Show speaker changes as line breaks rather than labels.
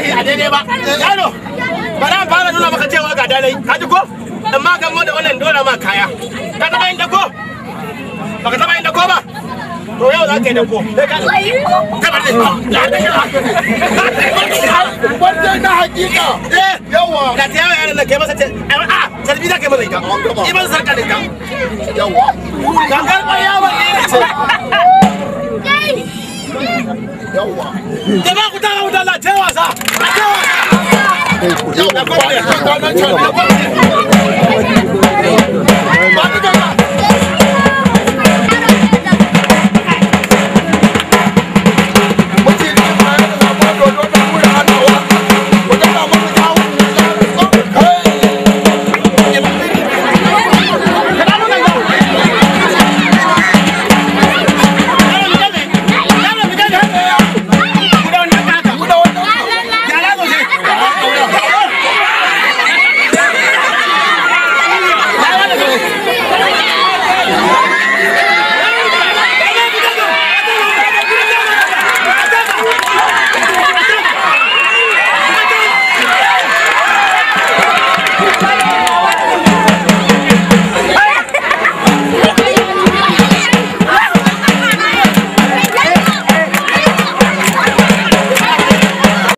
kake a daidai ba yaro bari an fara nuna maka cewa ga dalai ka ji ko in ma gamo da wannan dora ma kaya ka taba yin dako baka taba yin dako ba
to yau za ka yi dako wanda na hakika eh, yawa da ta yawa yaran da kai masa ce a sarbi za ka yi masa
ita iban sarka da ita yawa gangar bayawa ne jama'a ku tara wuta la a wasa a